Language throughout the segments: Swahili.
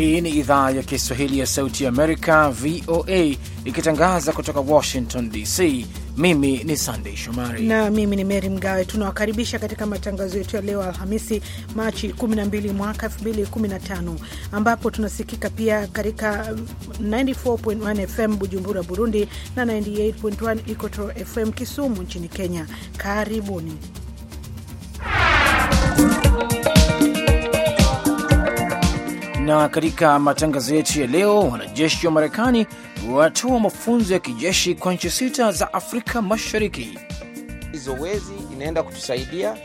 Hii ni idhaa ya Kiswahili ya Sauti Amerika, VOA, ikitangaza kutoka Washington DC. Mimi ni Sandei Shomari na mimi ni Meri Mgawe. Tunawakaribisha katika matangazo yetu ya leo Alhamisi, Machi 12 mwaka 2015, ambapo tunasikika pia katika 94.1 FM Bujumbura, Burundi na 98.1 Equator FM Kisumu nchini Kenya. Karibuni na katika matangazo yetu ya leo, wanajeshi wa Marekani watoa mafunzo ya kijeshi kwa nchi sita za Afrika Mashariki. Zoezi inaenda kutusaidia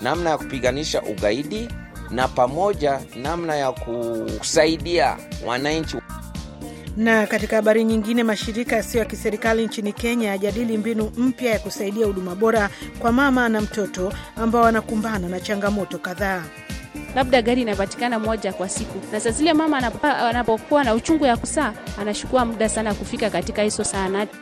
namna ya kupiganisha ugaidi na pamoja namna ya kusaidia wananchi. Na katika habari nyingine, mashirika yasiyo ya kiserikali nchini Kenya yajadili mbinu mpya ya kusaidia huduma bora kwa mama na mtoto ambao wanakumbana na changamoto kadhaa labda gari inapatikana moja kwa siku, na saa zile mama anapokuwa na uchungu ya kusaa anachukua muda sana kufika katika hizo zahanati.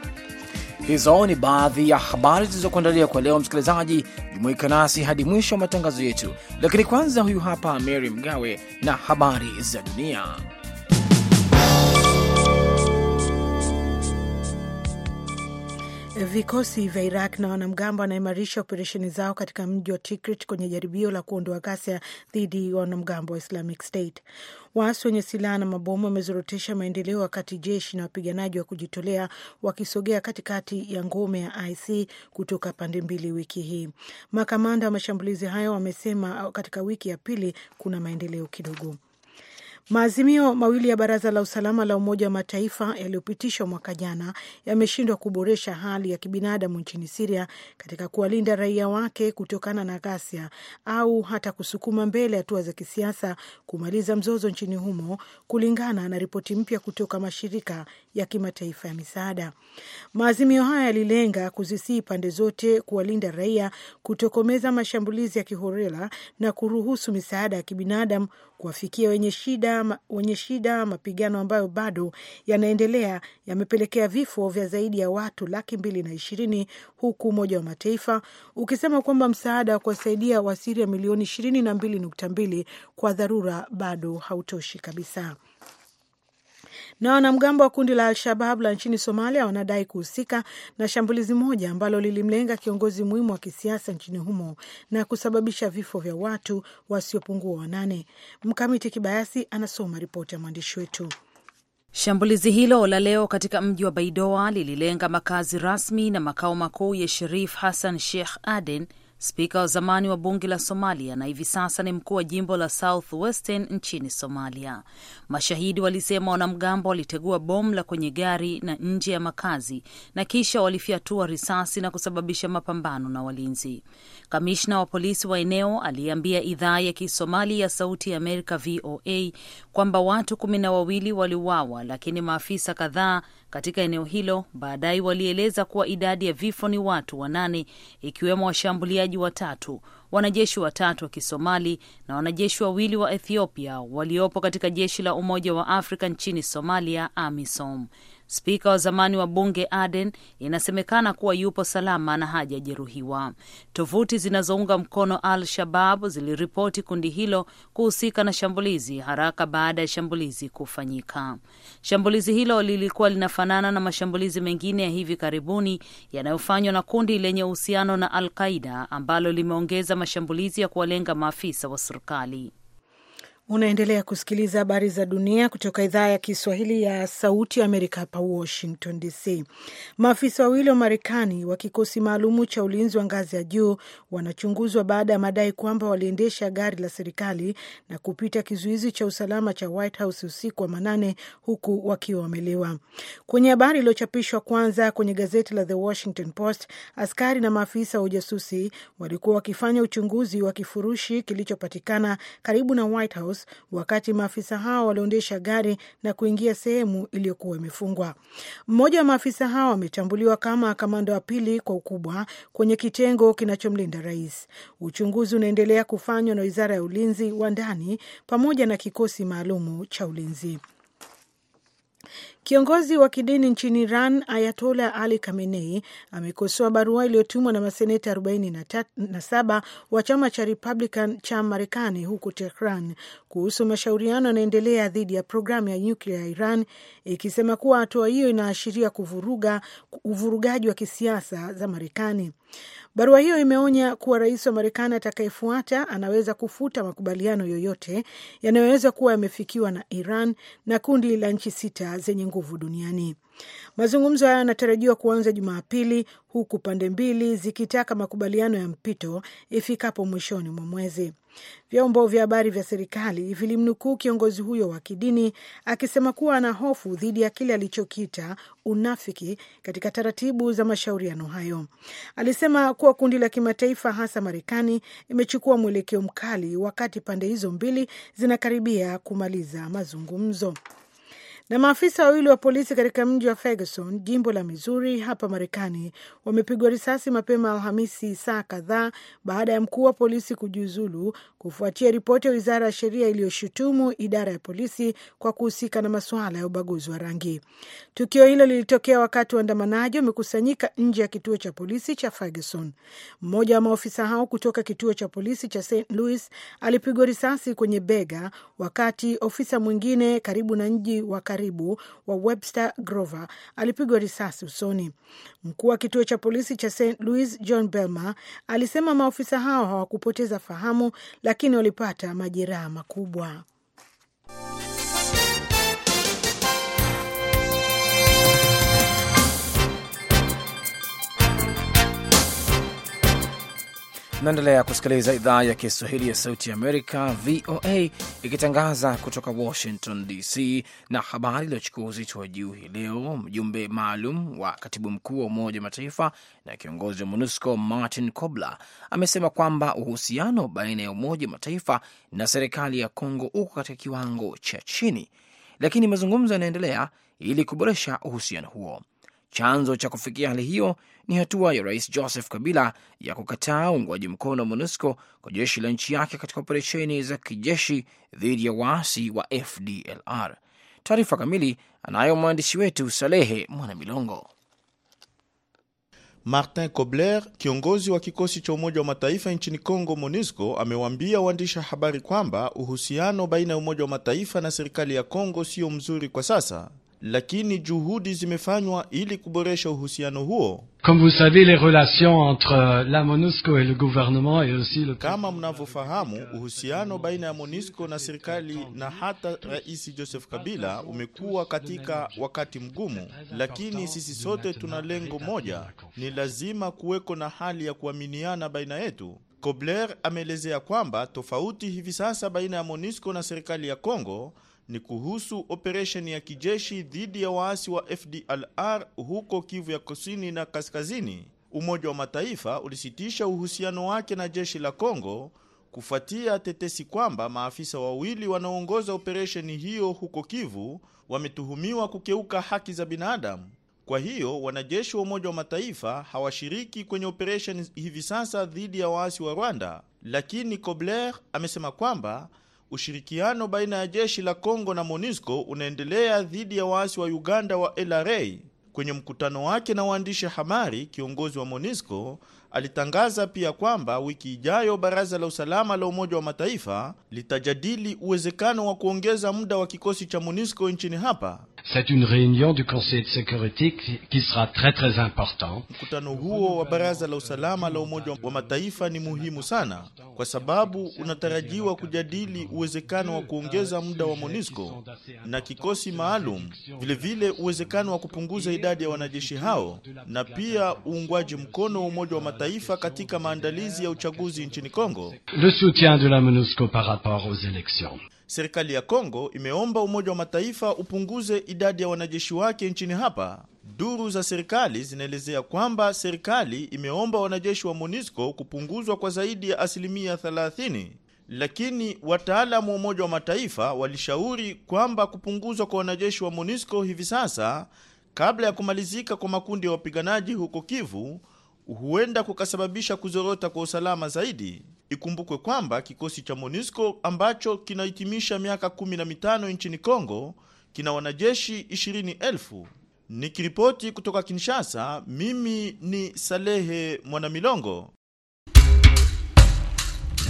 Hizo ni baadhi ya habari zilizokuandalia kwa leo. Msikilizaji, jumuika nasi hadi mwisho wa matangazo yetu, lakini kwanza, huyu hapa Mary Mgawe na habari za dunia. Vikosi vya Iraq na wanamgambo wanaimarisha operesheni zao katika mji wa Tikrit kwenye jaribio la kuondoa ghasia dhidi ya wanamgambo wa Islamic State. Waasi wenye silaha na mabomu wamezorotesha maendeleo, wakati jeshi na wapiganaji wa kujitolea wakisogea katikati ya ngome ya IC kutoka pande mbili wiki hii. Makamanda wa mashambulizi hayo wamesema katika wiki ya pili kuna maendeleo kidogo. Maazimio mawili ya Baraza la Usalama la Umoja wa Mataifa yaliyopitishwa mwaka jana yameshindwa kuboresha hali ya kibinadamu nchini Siria katika kuwalinda raia wake kutokana na ghasia au hata kusukuma mbele hatua za kisiasa kumaliza mzozo nchini humo, kulingana na ripoti mpya kutoka mashirika ya kimataifa ya misaada. Maazimio haya yalilenga kuzisii pande zote kuwalinda raia, kutokomeza mashambulizi ya kihorela na kuruhusu misaada ya kibinadamu kuwafikia wenye shida, wenye shida. Mapigano ambayo bado yanaendelea yamepelekea vifo vya zaidi ya watu laki mbili na ishirini huku Umoja wa Mataifa ukisema kwamba msaada wa kuwasaidia Wasiria milioni ishirini na mbili nukta mbili kwa dharura bado hautoshi kabisa. Na wanamgambo wa kundi la Al-Shabab la nchini Somalia wanadai kuhusika na shambulizi moja ambalo lilimlenga kiongozi muhimu wa kisiasa nchini humo na kusababisha vifo vya watu wasiopungua wanane. Mkamiti Kibayasi anasoma ripoti ya mwandishi wetu. Shambulizi hilo la leo katika mji wa Baidoa lililenga makazi rasmi na makao makuu ya Sherif Hassan Sheikh Aden spika wa zamani wa bunge la Somalia na hivi sasa ni mkuu wa jimbo la South nchini Somalia. Mashahidi walisema wanamgambo walitegua bomu la kwenye gari na nje ya makazi na kisha walifyatua risasi na kusababisha mapambano na walinzi. Kamishna wa polisi wa eneo aliambia idhaa ya Kisomali ya Sauti ya Amerika VOA kwamba watu kumi na wawili waliuawa, lakini maafisa kadhaa katika eneo hilo baadaye walieleza kuwa idadi ya vifo ni watu wanane, ikiwemo washambuliaji watatu, wanajeshi watatu wa Kisomali na wanajeshi wawili wa Ethiopia waliopo katika jeshi la Umoja wa Afrika nchini Somalia, AMISOM. Spika wa zamani wa bunge Aden inasemekana kuwa yupo salama na hajajeruhiwa. Tovuti zinazounga mkono Al Shabab ziliripoti kundi hilo kuhusika na shambulizi haraka baada ya shambulizi kufanyika. Shambulizi hilo lilikuwa linafanana na mashambulizi mengine ya hivi karibuni yanayofanywa na kundi lenye uhusiano na Al Qaida ambalo limeongeza mashambulizi ya kuwalenga maafisa wa serikali. Unaendelea kusikiliza habari za dunia kutoka idhaa ya Kiswahili ya Sauti ya Amerika hapa Washington DC. Maafisa wawili wa Marekani wa kikosi maalumu cha ulinzi wa ngazi ya juu wanachunguzwa baada ya madai kwamba waliendesha gari la serikali na kupita kizuizi cha usalama cha White House usiku wa manane huku wakiwa wamelewa. Kwenye habari iliyochapishwa kwanza kwenye gazeti la The Washington Post, askari na maafisa wa ujasusi walikuwa wakifanya uchunguzi wa kifurushi kilichopatikana karibu na White House wakati maafisa hao waliondesha gari na kuingia sehemu iliyokuwa imefungwa. Mmoja wa maafisa hao ametambuliwa kama kamanda wa pili kwa ukubwa kwenye kitengo kinachomlinda rais. Uchunguzi unaendelea kufanywa na wizara ya ulinzi wa ndani pamoja na kikosi maalumu cha ulinzi. Kiongozi wa kidini nchini Iran Ayatola Ali Khamenei amekosoa barua iliyotumwa na maseneta 47 wa chama cha Republican cha Marekani huku Tehran kuhusu mashauriano yanaendelea dhidi ya programu ya nyuklia ya Iran, ikisema kuwa hatua hiyo inaashiria kuvuruga uvurugaji wa kisiasa za Marekani. Barua hiyo imeonya kuwa rais wa Marekani atakayefuata anaweza kufuta makubaliano yoyote yanayoweza kuwa yamefikiwa na Iran na kundi la nchi sita zenye nguvu duniani. Mazungumzo hayo yanatarajiwa kuanza Jumapili, huku pande mbili zikitaka makubaliano ya mpito ifikapo mwishoni mwa mwezi. Vyombo vya habari vya serikali vilimnukuu kiongozi huyo wa kidini akisema kuwa ana hofu dhidi ya kile alichokita unafiki katika taratibu za mashauriano hayo. Alisema kuwa kundi la kimataifa, hasa Marekani, imechukua mwelekeo mkali wakati pande hizo mbili zinakaribia kumaliza mazungumzo. Na maafisa wawili wa polisi katika mji wa Ferguson, jimbo la Missouri hapa Marekani, wamepigwa risasi mapema Alhamisi, saa kadhaa baada ya mkuu wa polisi kujiuzulu kufuatia ripoti ya wizara ya sheria iliyoshutumu idara ya polisi kwa kuhusika na masuala ya ubaguzi wa rangi. Tukio hilo lilitokea wakati waandamanaji wamekusanyika nje ya kituo cha polisi cha Ferguson. Mmoja wa maofisa hao kutoka kituo cha polisi cha St Louis alipigwa risasi kwenye bega, wakati ofisa mwingine karibu na mji wa karibu wa Webster Grover alipigwa risasi usoni. Mkuu wa kituo cha polisi cha St Louis John Belmar alisema maofisa hao hawakupoteza fahamu, lakini walipata majeraha makubwa. Naendelea kusikiliza idhaa ya Kiswahili ya Sauti ya Amerika, VOA, ikitangaza kutoka Washington DC. Na habari iliyochukua uzito wa juu hii leo, mjumbe maalum wa katibu mkuu wa Umoja wa Mataifa na kiongozi wa MONUSCO Martin Kobler amesema kwamba uhusiano baina ya Umoja wa Mataifa na serikali ya Kongo uko katika kiwango cha chini, lakini mazungumzo yanaendelea ili kuboresha uhusiano huo. Chanzo cha kufikia hali hiyo ni hatua ya rais Joseph Kabila ya kukataa uungwaji mkono wa MONUSCO kwa jeshi la nchi yake katika operesheni za kijeshi dhidi ya waasi wa FDLR. Taarifa kamili anayo mwandishi wetu Salehe Mwanamilongo. Martin Kobler, kiongozi wa kikosi cha Umoja wa Mataifa nchini congo MONUSCO, amewaambia waandishi habari kwamba uhusiano baina ya Umoja wa Mataifa na serikali ya congo sio mzuri kwa sasa lakini juhudi zimefanywa ili kuboresha uhusiano huo. Comme vous savez, les relations entre euh, la MONUSCO et le gouvernement et aussi le... Kama mnavyofahamu, uhusiano baina ya MONUSCO na serikali na hata Rais Joseph Kabila umekuwa katika wakati mgumu, lakini sisi sote tuna lengo moja, ni lazima kuweko na hali ya kuaminiana baina yetu. Kobler ameelezea kwamba tofauti hivi sasa baina ya MONUSCO na serikali ya Kongo ni kuhusu operesheni ya kijeshi dhidi ya waasi wa FDLR huko Kivu ya Kusini na Kaskazini. Umoja wa Mataifa ulisitisha uhusiano wake na jeshi la Kongo kufuatia tetesi kwamba maafisa wawili wanaoongoza operesheni hiyo huko Kivu wametuhumiwa kukeuka haki za binadamu. Kwa hiyo wanajeshi wa Umoja wa Mataifa hawashiriki kwenye operesheni hivi sasa dhidi ya waasi wa Rwanda, lakini Kobler amesema kwamba ushirikiano baina ya jeshi la Kongo na MONUSCO unaendelea dhidi ya waasi wa Uganda wa LRA. Kwenye mkutano wake na waandishi habari, kiongozi wa MONUSCO alitangaza pia kwamba wiki ijayo baraza la usalama la Umoja wa Mataifa litajadili uwezekano wa kuongeza muda wa kikosi cha MONUSCO nchini hapa C'est une réunion du Conseil de sécurité qui sera très très importante. Mkutano huo wa Baraza la Usalama la Umoja wa Mataifa ni muhimu sana kwa sababu unatarajiwa kujadili uwezekano wa kuongeza muda wa MONUSCO na kikosi maalum, vilevile uwezekano wa kupunguza idadi ya wanajeshi hao na pia uungwaji mkono wa Umoja wa Mataifa katika maandalizi ya uchaguzi nchini Kongo. Le soutien de la MONUSCO par rapport aux élections serikali ya Kongo imeomba Umoja wa Mataifa upunguze idadi ya wanajeshi wake nchini hapa. Duru za serikali zinaelezea kwamba serikali imeomba wanajeshi wa MONUSCO kupunguzwa kwa zaidi ya asilimia 30, lakini wataalamu wa Umoja wa Mataifa walishauri kwamba kupunguzwa kwa wanajeshi wa MONUSCO hivi sasa kabla ya kumalizika kwa makundi ya wapiganaji huko Kivu huenda kukasababisha kuzorota kwa usalama zaidi. Ikumbukwe kwamba kikosi cha MONUSCO ambacho kinahitimisha miaka kumi na mitano nchini Kongo kina wanajeshi 20,000. Nikiripoti kutoka Kinshasa, mimi ni Salehe Mwanamilongo.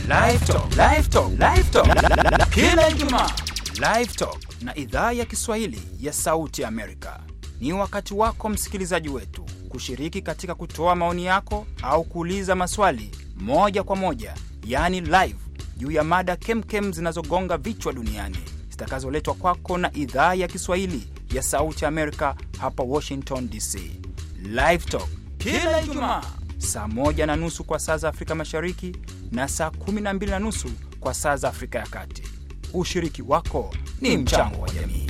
Live Talk, Live Talk, Live Talk kila Ijumaa. Live Talk na idhaa ya Kiswahili ya Sauti Amerika ni wakati wako msikilizaji wetu kushiriki katika kutoa maoni yako au kuuliza maswali moja kwa moja yaani live, juu ya mada kemkem zinazogonga vichwa duniani zitakazoletwa kwako na idhaa ya Kiswahili ya Sauti Amerika hapa Washington DC. Live kila Ijumaa saa moja na nusu kwa saa za Afrika Mashariki na saa kumi na mbili na nusu kwa saa za Afrika ya Kati. Ushiriki wako ni mchango wa jamii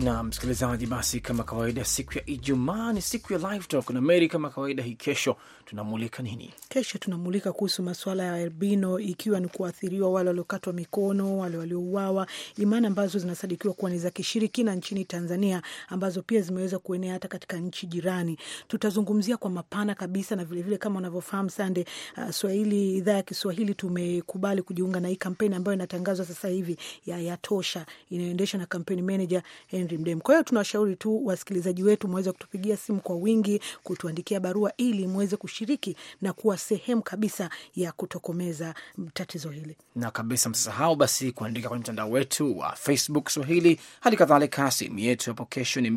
na msikilizaji. Basi, kama kawaida, siku ya Ijumaa ni siku ya Live na Meri, kama kawaida, hii kesho tunamulika nini? Kesho tunamulika kuhusu masuala ya albino, ikiwa ni kuathiriwa wale waliokatwa mikono, wale waliouawa, imani ambazo zinasadikiwa kuwa ni za kishirikina nchini Tanzania, ambazo pia zimeweza kuenea hata katika nchi jirani. Tutazungumzia kwa mapana kabisa, na vilevile vile kama unavyofahamu Sande, uh, Swahili, idhaa ya Kiswahili tumekubali kujiunga na hii kampeni ambayo inatangazwa sasa hivi ya Yatosha, inayoendeshwa na kampeni manager Henry Mdem. Kwa hiyo tunawashauri tu wasikilizaji wetu mweze kutupigia simu kwa wingi, kutuandikia barua ili mweze kushiriki na kuwa sehemu kabisa ya kutokomeza tatizo hili na kabisa. msahau basi kuandika kwenye mtandao wetu wa Facebook Swahili, hali kadhalika simu yetu hapo kesho ni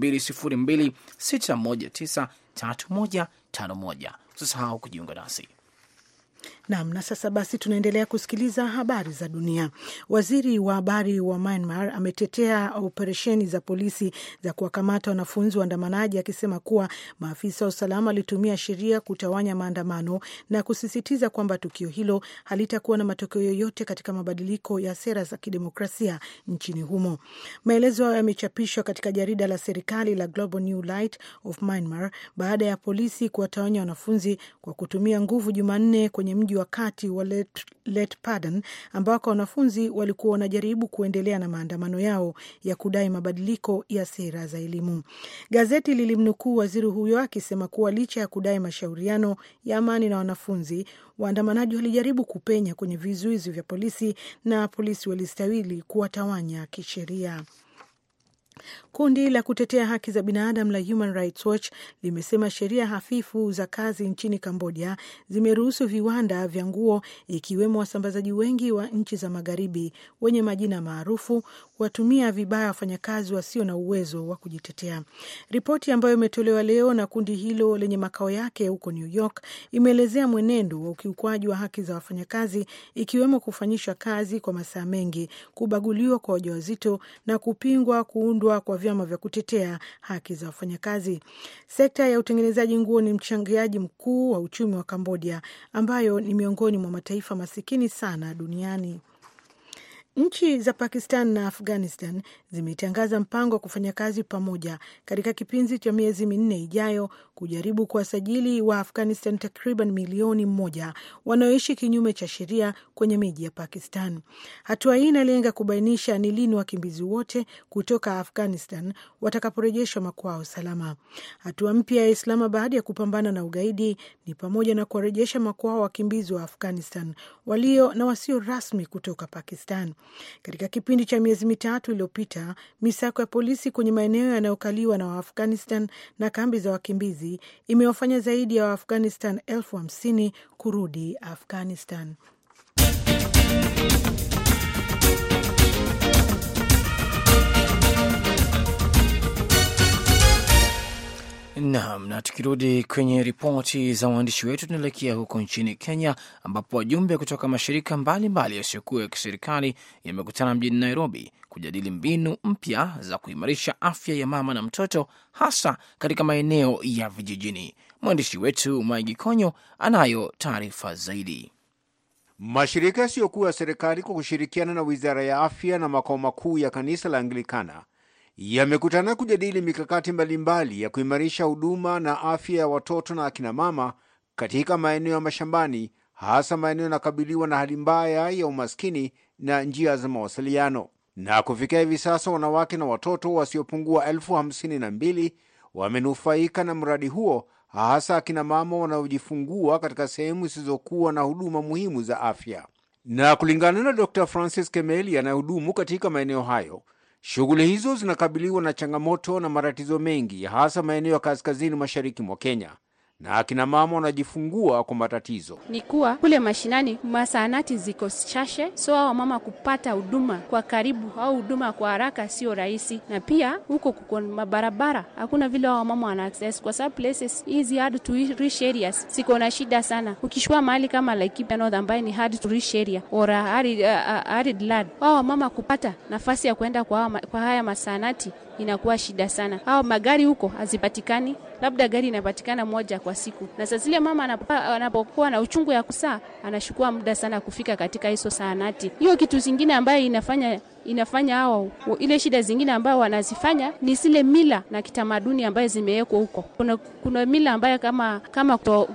moja. Msisahau kujiunga nasi. Nam. Na sasa basi, tunaendelea kusikiliza habari za dunia. Waziri wa habari wa Myanmar ametetea operesheni za polisi za kuwakamata wanafunzi waandamanaji, akisema kuwa maafisa wa usalama walitumia sheria kutawanya maandamano na kusisitiza kwamba tukio hilo halitakuwa na matokeo yoyote katika mabadiliko ya sera za kidemokrasia nchini humo. Maelezo hayo yamechapishwa katika jarida la serikali la Global New Light of Myanmar baada ya polisi kuwatawanya wanafunzi kwa kutumia nguvu Jumanne kwenye kwenye mji wa kati wa let Padan ambako wanafunzi walikuwa wanajaribu kuendelea na maandamano yao ya kudai mabadiliko ya sera za elimu. Gazeti lilimnukuu waziri huyo akisema kuwa licha ya kudai mashauriano ya amani na wanafunzi, waandamanaji walijaribu kupenya kwenye vizuizi vya polisi na polisi walistawili kuwatawanya kisheria. Kundi la kutetea haki za binadamu la Human Rights Watch limesema sheria hafifu za kazi nchini Kambodia zimeruhusu viwanda vya nguo, ikiwemo wasambazaji wengi wa nchi za magharibi wenye majina maarufu kuwatumia vibaya wafanyakazi wasio na uwezo wa kujitetea. Ripoti ambayo imetolewa leo na kundi hilo lenye makao yake huko New York imeelezea mwenendo wa ukiukwaji wa haki za wafanyakazi, ikiwemo kufanyishwa kazi kwa masaa mengi, kubaguliwa kwa wajawazito na kupingwa kuundwa kuundwa kwa vyama vya kutetea haki za wafanyakazi. Sekta ya utengenezaji nguo ni mchangiaji mkuu wa uchumi wa Kambodia, ambayo ni miongoni mwa mataifa masikini sana duniani. Nchi za Pakistan na Afghanistan zimetangaza mpango wa kufanya kazi pamoja katika kipindi cha miezi minne ijayo kujaribu kuwasajili wa Afghanistan takriban milioni moja wanaoishi kinyume cha sheria kwenye miji ya Pakistan. Hatua hii inalenga kubainisha ni lini wakimbizi wote kutoka Afghanistan watakaporejeshwa makwao salama. Hatua mpya ya Islamabad ya kupambana na ugaidi ni pamoja na kuwarejesha makwao wakimbizi wa Afghanistan walio na wasio rasmi kutoka Pakistan. Katika kipindi cha miezi mitatu iliyopita, misako ya polisi kwenye maeneo yanayokaliwa na Waafghanistan na kambi za wakimbizi imewafanya zaidi ya Waafghanistan elfu hamsini kurudi Afghanistan. tukirudi kwenye ripoti za waandishi wetu, tunaelekea huko nchini Kenya ambapo wajumbe kutoka mashirika mbalimbali yasiyokuwa ya kiserikali yamekutana mjini Nairobi kujadili mbinu mpya za kuimarisha afya ya mama na mtoto hasa katika maeneo ya vijijini. Mwandishi wetu Maigi Konyo anayo taarifa zaidi. Mashirika yasiyokuwa ya serikali kwa kushirikiana na wizara ya afya na makao makuu ya kanisa la Anglikana yamekutana kujadili mikakati mbalimbali ya kuimarisha huduma na afya ya watoto na akinamama katika maeneo ya mashambani, hasa maeneo yanakabiliwa na hali mbaya ya umaskini na njia za mawasiliano. Na kufikia hivi sasa wanawake na watoto wasiopungua elfu hamsini na mbili wamenufaika na mradi huo, hasa akinamama wanaojifungua katika sehemu zisizokuwa na huduma muhimu za afya. Na kulingana na Dr Francis Kemeli anayehudumu katika maeneo hayo Shughuli hizo zinakabiliwa na changamoto na matatizo mengi, hasa maeneo ya kaskazini mashariki mwa Kenya na akina mama wanajifungua kwa matatizo. Ni kuwa kule mashinani masanati ziko chache, so hao mama kupata huduma kwa karibu au huduma kwa haraka sio rahisi, na pia huko kuko mabarabara hakuna vile hao mama wana access, kwa sababu places hizi hard to reach areas siko na shida sana. Ukishua mahali kama Laikipia North ambaye ni hard to reach area or arid, uh, arid land, hao mama kupata nafasi ya kuenda kwa, kwa haya masanati inakuwa shida sana. Hao magari huko hazipatikani, labda gari inapatikana moja kwa siku, na saa zile mama anapokuwa na uchungu ya kusaa anashukua muda sana kufika katika hizo saanati Hiyo kitu zingine ambayo inafanya inafanya hao ile shida zingine ambayo wanazifanya ni zile mila na kitamaduni ambayo zimewekwa huko. Kuna, kuna mila ambayo kama kama kuto,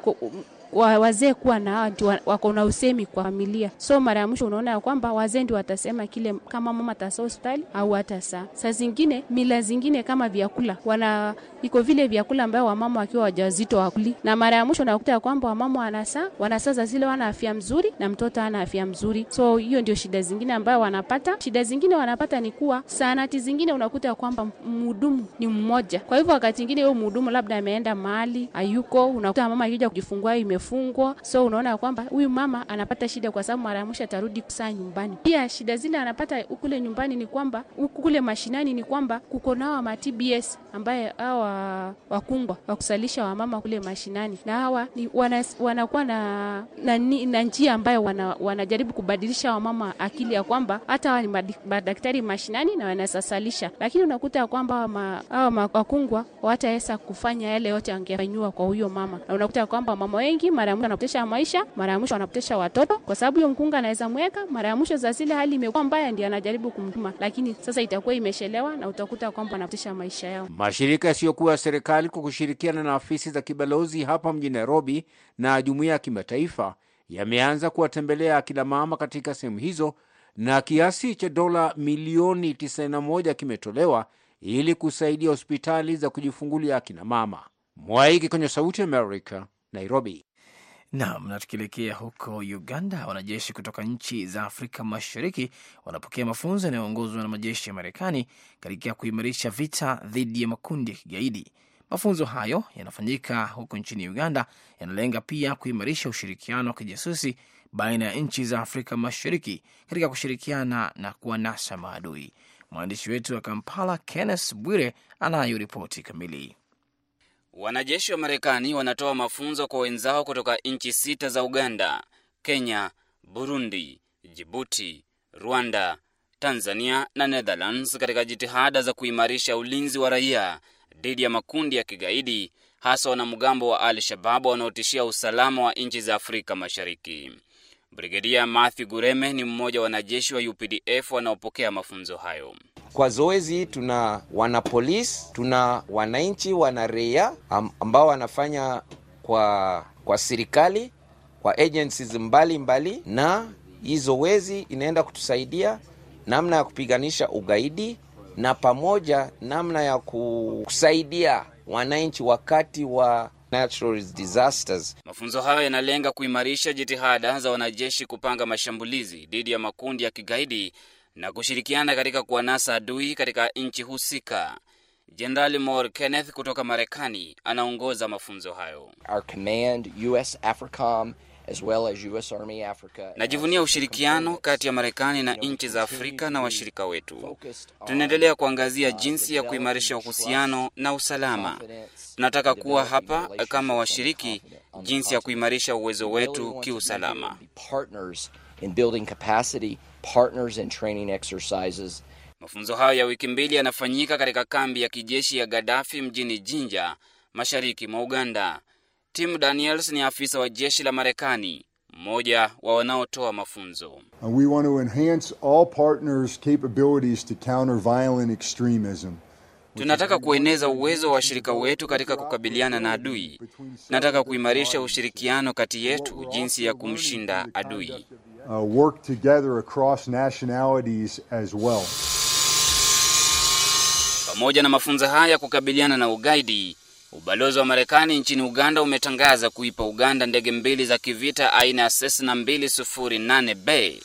wazee kuwa na ndio wako na usemi kwa familia. So mara ya mwisho unaona ya kwamba wazee ndio watasema kile, kama mama atasaa hospitali au hata saa saa zingine mila zingine kama vyakula, wana iko vile vyakula ambayo wamama wakiwa wajawazito wakuli, na mara ya mwisho unakuta ya kwamba wamama wanasaa wanasaza zile wana afya mzuri na mtoto ana afya mzuri. So hiyo ndio shida zingine ambayo wanapata. Shida zingine wanapata ni kuwa sanati zingine unakuta ya kwamba mhudumu ni mmoja, kwa hivyo wakati ingine huyo mhudumu labda ameenda mahali hayuko, unakuta mama akija kujifungua ime amefungwa, so unaona ya kwamba huyu mama anapata shida, kwa sababu mara ya mwisho atarudi saa nyumbani. Pia shida zile anapata kule nyumbani ni kwamba kule mashinani ni kwamba kuko nao ma TBS ambaye hawa wakungwa kusalisha wamama kule mashinani, na hawa wanakuwa na, na, na njia ambayo wana, wanajaribu kubadilisha wamama akili ya kwamba hata hawa ni madaktari mashinani na wanasasalisha, lakini unakuta ya kwamba hawa wakungwa wataweza kufanya yale yote angefanyiwa kwa huyo mama, na unakuta ya kwamba mama wengi mara ya mwisho anapotesha maisha, mara ya mwisho anapotesha watoto, kwa sababu hiyo mkunga anaweza mweka mara ya mwisho za zile hali imekuwa mbaya, ndio anajaribu kumtuma, lakini sasa itakuwa imeshelewa na utakuta kwamba anapotesha maisha yao. Mashirika yasiyokuwa ya serikali kwa kushirikiana na afisi za kibalozi hapa mjini Nairobi na jumuiya ya kimataifa yameanza kuwatembelea akina mama katika sehemu hizo na kiasi cha dola milioni 91 kimetolewa ili kusaidia hospitali za kujifungulia akina mama. Mwaiki kwenye Sauti ya Amerika, Nairobi. Nam na tukielekea huko Uganda, wanajeshi kutoka nchi za Afrika Mashariki wanapokea mafunzo yanayoongozwa na majeshi ya Marekani katika kuimarisha vita dhidi ya makundi ya kigaidi. Mafunzo hayo yanafanyika huko nchini Uganda, yanalenga pia kuimarisha ushirikiano wa kijasusi baina ya nchi za Afrika Mashariki katika kushirikiana na kuwanasa maadui. Mwandishi wetu wa Kampala, Kenneth Bwire, anayo ripoti kamili. Wanajeshi wa Marekani wanatoa mafunzo kwa wenzao kutoka nchi sita za Uganda, Kenya, Burundi, Jibuti, Rwanda, Tanzania na Netherlands katika jitihada za kuimarisha ulinzi wa raia dhidi ya makundi ya kigaidi hasa wanamgambo wa al shababu wanaotishia usalama wa nchi za Afrika Mashariki. Brigedia Mathi Gureme ni mmoja wa wanajeshi wa UPDF wanaopokea mafunzo hayo. Kwa zoezi tuna wanapolisi, tuna wananchi, wana raia ambao wanafanya kwa kwa serikali kwa agencies mbalimbali, na hii zoezi inaenda kutusaidia namna ya kupiganisha ugaidi na pamoja namna ya kusaidia wananchi wakati wa natural disasters. Mafunzo hayo yanalenga kuimarisha jitihada za wanajeshi kupanga mashambulizi dhidi ya makundi ya kigaidi na kushirikiana katika kuwanasa adui katika nchi husika. Jenerali mor Kenneth kutoka Marekani anaongoza mafunzo hayo. Our command, US AFRICOM As well as US Army Africa. Najivunia ushirikiano kati ya Marekani na nchi za Afrika na washirika wetu. Tunaendelea kuangazia jinsi ya kuimarisha uhusiano na usalama. Tunataka kuwa hapa kama washiriki, jinsi ya kuimarisha uwezo wetu kiusalama. Mafunzo hayo ya wiki mbili yanafanyika katika kambi ya kijeshi ya Gaddafi mjini Jinja, mashariki mwa Uganda. Tim Daniels ni afisa wa jeshi la Marekani, mmoja wa wanaotoa mafunzo. Uh, we want to enhance all partners capabilities to counter violent extremism. Tunataka kueneza uwezo wa washirika wetu katika kukabiliana na adui. Nataka kuimarisha ushirikiano kati yetu jinsi ya kumshinda adui. Uh, work together across nationalities as well. Pamoja na mafunzo haya kukabiliana na ugaidi Ubalozi wa Marekani nchini Uganda umetangaza kuipa Uganda ndege mbili za kivita aina ya Cessna 208B.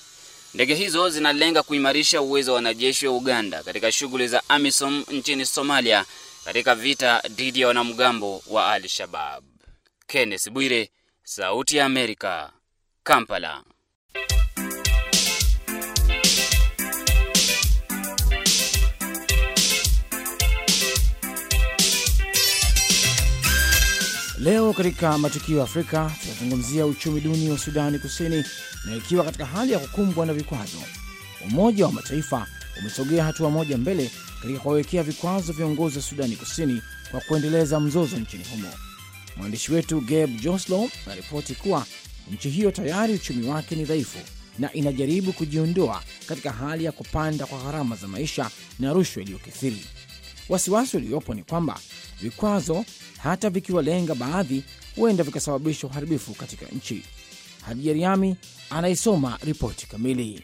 Ndege hizo zinalenga kuimarisha uwezo wa wanajeshi wa Uganda katika shughuli za AMISOM nchini Somalia katika vita dhidi ya wanamgambo wa Al-Shabab. Kenneth Bwire, Sauti ya Amerika, Kampala. Leo katika matukio ya Afrika tunazungumzia uchumi duni wa Sudani Kusini na ikiwa katika hali ya kukumbwa na vikwazo. Umoja wa Mataifa umesogea hatua moja mbele katika kuwawekea vikwazo viongozi wa Sudani Kusini kwa kuendeleza mzozo nchini humo. Mwandishi wetu Gabe Joslow anaripoti kuwa nchi hiyo tayari uchumi wake ni dhaifu na inajaribu kujiondoa katika hali ya kupanda kwa gharama za maisha na rushwa iliyokithiri. Wasiwasi uliopo ni kwamba Vikwazo hata vikiwalenga baadhi, huenda vikasababisha uharibifu katika nchi. Hadija Riami anaisoma ripoti kamili.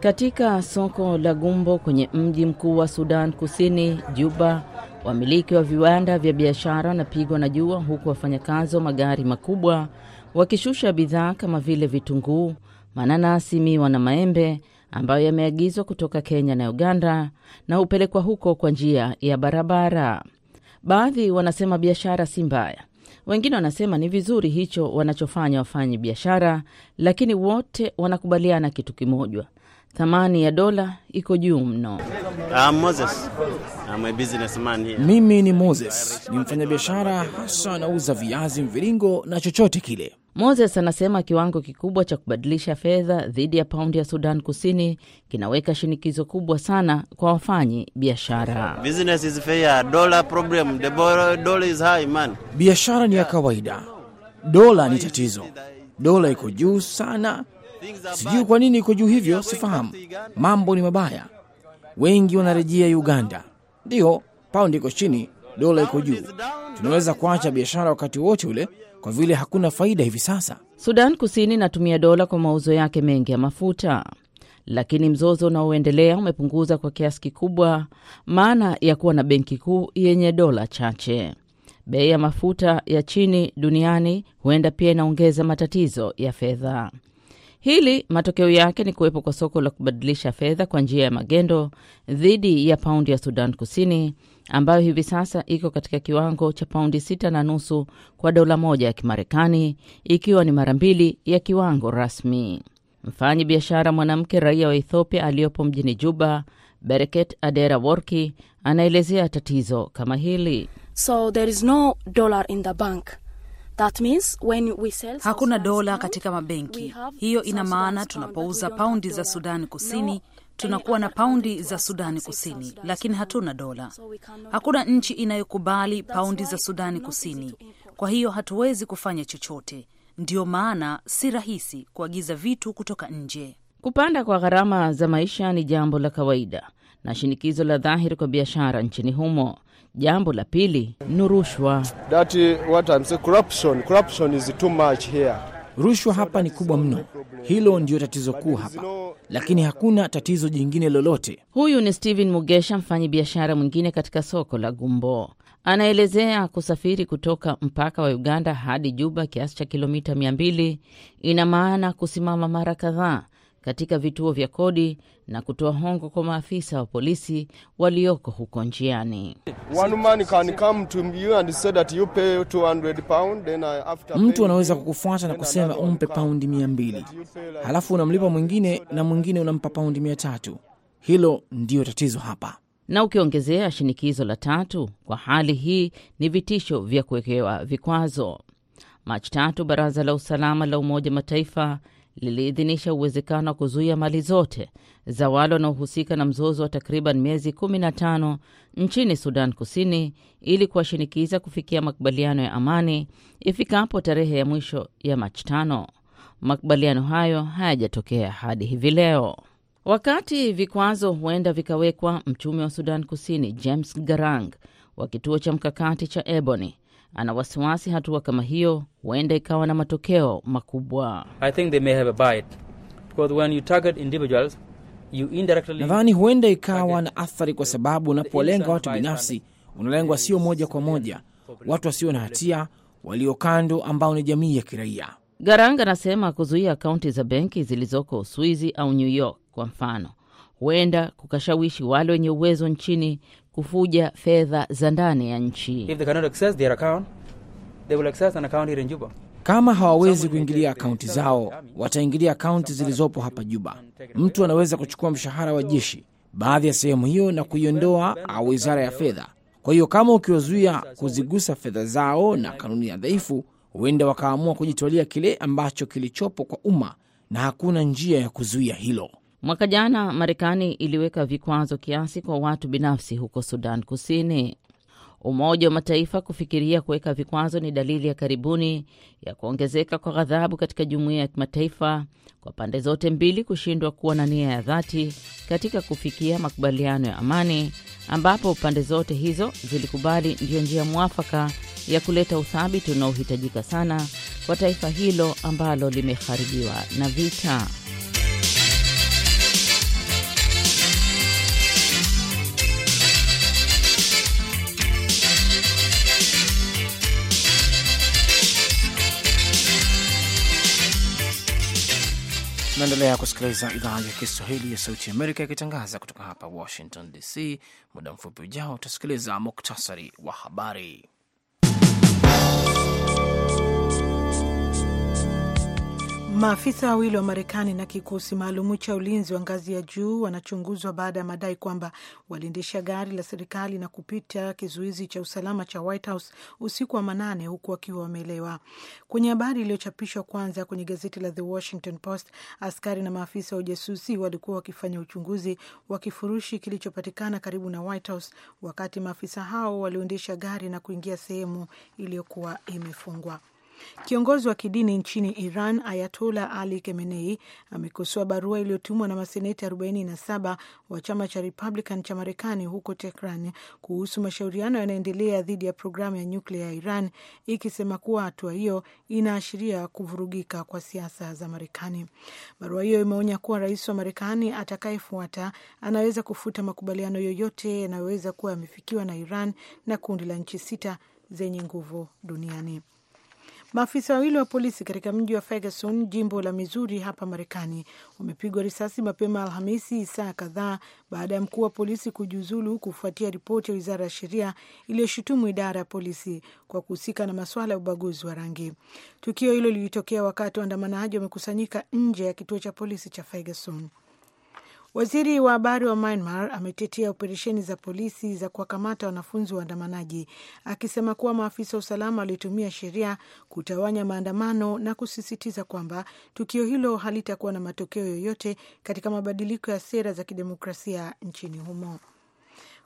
Katika soko la Gumbo kwenye mji mkuu wa Sudan Kusini, Juba, wamiliki wa viwanda vya biashara wanapigwa na jua, huku wafanyakazi wa magari makubwa wakishusha bidhaa kama vile vitunguu mananasi, miwa na maembe ambayo yameagizwa kutoka Kenya na Uganda na hupelekwa huko kwa njia ya barabara. Baadhi wanasema biashara si mbaya, wengine wanasema ni vizuri hicho wanachofanya wafanyi biashara, lakini wote wanakubaliana kitu kimoja, thamani ya dola iko juu mno. I'm ah, Moses. I'm ah, a businessman here. Mimi ni Moses, ni mfanyabiashara hasa, anauza viazi mviringo na chochote kile Moses anasema kiwango kikubwa cha kubadilisha fedha dhidi ya paundi ya Sudan Kusini kinaweka shinikizo kubwa sana kwa wafanyi biashara. Biashara ni ya kawaida, dola ni tatizo. Dola iko juu sana, sijui kwa nini iko juu hivyo, sifahamu. Mambo ni mabaya, wengi wanarejea Uganda. Ndiyo, paundi iko chini, dola iko juu. Tunaweza kuacha biashara wakati wote ule kwa vile hakuna faida hivi sasa. Sudan Kusini inatumia dola kwa mauzo yake mengi ya mafuta, lakini mzozo unaoendelea umepunguza kwa kiasi kikubwa maana ya kuwa na benki kuu yenye dola chache. Bei ya mafuta ya chini duniani huenda pia inaongeza matatizo ya fedha. Hili matokeo yake ni kuwepo kwa soko la kubadilisha fedha kwa njia ya magendo dhidi ya paundi ya Sudan Kusini ambayo hivi sasa iko katika kiwango cha paundi sita na nusu kwa dola moja ya Kimarekani, ikiwa ni mara mbili ya kiwango rasmi. Mfanyi biashara mwanamke raia wa Ethiopia aliyopo mjini Juba, Bereket Adera Worki, anaelezea tatizo kama hili. So there is no dollar in the bank. That means when we sell hakuna dola katika mabenki. Hiyo ina maana tunapouza paundi za Sudani Kusini tunakuwa na paundi za Sudani Kusini, lakini hatuna dola. Hakuna nchi inayokubali paundi za Sudani Kusini, kwa hiyo hatuwezi kufanya chochote. Ndiyo maana si rahisi kuagiza vitu kutoka nje. Kupanda kwa gharama za maisha ni jambo la kawaida na shinikizo la dhahiri kwa biashara nchini humo. Jambo la pili ni rushwa. Rushwa hapa ni kubwa mno, hilo ndiyo tatizo kuu hapa, lakini hakuna tatizo jingine lolote. Huyu ni Steven Mugesha, mfanyi biashara mwingine katika soko la Gumbo. Anaelezea kusafiri kutoka mpaka wa Uganda hadi Juba, kiasi cha kilomita mia mbili, ina maana kusimama mara kadhaa katika vituo vya kodi na kutoa hongo kwa maafisa wa polisi walioko huko njiani. Mtu anaweza kukufuata na kusema umpe paundi mia mbili halafu unamlipa mwingine na mwingine unampa paundi mia tatu Hilo ndiyo tatizo hapa. Na ukiongezea shinikizo la tatu kwa hali hii ni vitisho vya kuwekewa vikwazo. Machi tatu, baraza la usalama la Umoja Mataifa liliidhinisha uwezekano wa kuzuia mali zote za wale wanaohusika na mzozo wa takriban miezi 15 nchini Sudan Kusini ili kuwashinikiza kufikia makubaliano ya amani ifikapo tarehe ya mwisho ya Machi tano. Makubaliano hayo hayajatokea hadi hivi leo. Wakati vikwazo huenda vikawekwa, mchumi wa Sudan Kusini James Garang wa kituo cha mkakati cha Ebony ana wasiwasi hatua kama hiyo huenda ikawa na matokeo makubwa. nadhani huenda ikawa na athari kwa sababu unapolenga watu binafsi unalengwa sio moja kwa moja watu wasio na hatia walio kando, ambao ni jamii ya kiraia. Garang anasema kuzuia akaunti za benki zilizoko Uswizi au New York kwa mfano huenda kukashawishi wale wenye uwezo nchini kufuja fedha za ndani ya nchi. Kama hawawezi kuingilia akaunti zao, wataingilia akaunti zilizopo hapa Juba. Mtu anaweza kuchukua mshahara wa jeshi, baadhi ya sehemu hiyo, na kuiondoa au wizara ya fedha. Kwa hiyo kama ukiwazuia kuzigusa fedha zao na kanuni ya dhaifu, huenda wakaamua kujitwalia kile ambacho kilichopo kwa umma, na hakuna njia ya kuzuia hilo. Mwaka jana Marekani iliweka vikwazo kiasi kwa watu binafsi huko Sudan Kusini. Umoja wa Mataifa kufikiria kuweka vikwazo ni dalili ya karibuni ya kuongezeka kwa ghadhabu katika jumuiya ya kimataifa kwa pande zote mbili kushindwa kuwa na nia ya dhati katika kufikia makubaliano ya amani, ambapo pande zote hizo zilikubali ndiyo njia mwafaka ya kuleta uthabiti unaohitajika sana kwa taifa hilo ambalo limeharibiwa na vita. Naendelea kusikiliza idhaa ya Kiswahili ya Sauti Amerika ikitangaza kutoka hapa Washington DC. Muda mfupi ujao utasikiliza muktasari wa habari. Maafisa wawili wa Marekani na kikosi maalumu cha ulinzi wa ngazi ya juu wanachunguzwa baada ya madai kwamba waliendesha gari la serikali na kupita kizuizi cha usalama cha White House usiku wa manane huku wakiwa wameelewa Kwenye habari iliyochapishwa kwanza kwenye gazeti la The Washington Post, askari na maafisa wa ujasusi walikuwa wakifanya uchunguzi wa kifurushi kilichopatikana karibu na White House wakati maafisa hao walioendesha gari na kuingia sehemu iliyokuwa imefungwa. Kiongozi wa kidini nchini Iran Ayatola Ali Khamenei amekosoa barua iliyotumwa na maseneta 47 wa chama cha Republican cha Marekani huko Tehran kuhusu mashauriano yanaendelea dhidi ya programu ya nyuklia ya Iran, ikisema kuwa hatua hiyo inaashiria kuvurugika kwa siasa za Marekani. Barua hiyo imeonya kuwa rais wa Marekani atakayefuata anaweza kufuta makubaliano yoyote yanayoweza kuwa yamefikiwa na Iran na kundi la nchi sita zenye nguvu duniani. Maafisa wawili wa polisi katika mji wa Ferguson, jimbo la Mizuri hapa Marekani, wamepigwa risasi mapema Alhamisi, saa kadhaa baada ya mkuu wa polisi kujiuzulu kufuatia ripoti ya wizara ya sheria iliyoshutumu idara ya polisi kwa kuhusika na masuala ya ubaguzi wa rangi. Tukio hilo lilitokea wakati waandamanaji wamekusanyika nje ya kituo cha polisi cha Ferguson. Waziri wa habari wa Myanmar ametetea operesheni za polisi za kuwakamata wanafunzi waandamanaji, akisema kuwa maafisa wa usalama walitumia sheria kutawanya maandamano na kusisitiza kwamba tukio hilo halitakuwa na matokeo yoyote katika mabadiliko ya sera za kidemokrasia nchini humo.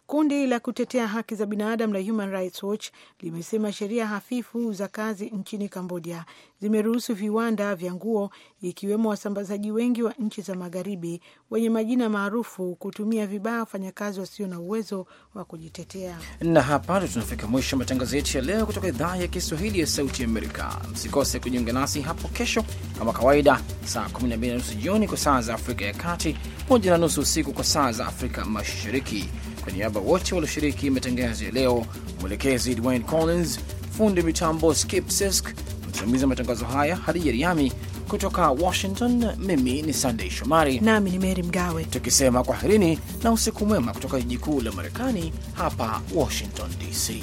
Kundi la kutetea haki za binadamu la Human Rights Watch limesema sheria hafifu za kazi nchini Kambodia zimeruhusu viwanda vya nguo, ikiwemo wasambazaji wengi wa nchi za magharibi wenye majina maarufu kutumia vibaya wafanyakazi wasio na uwezo wa kujitetea. Na hapa ndo tunafika mwisho matangazo yetu ya leo kutoka idhaa ya Kiswahili ya Sauti Amerika. Msikose kujiunga nasi hapo kesho kama kawaida, saa 12 na nusu jioni kwa saa za Afrika ya Kati, moja na nusu usiku kwa saa za Afrika Mashariki. Kwa niaba wote walioshiriki matangazo ya leo, mwelekezi Dwayne Collins, fundi mitambo Skip Sisk, msimamizi wa matangazo haya Hadija Riami kutoka Washington. Mimi ni Sandey Shomari nami ni Meri Mgawe, tukisema kwaherini na usiku mwema kutoka jiji kuu la Marekani, hapa Washington DC.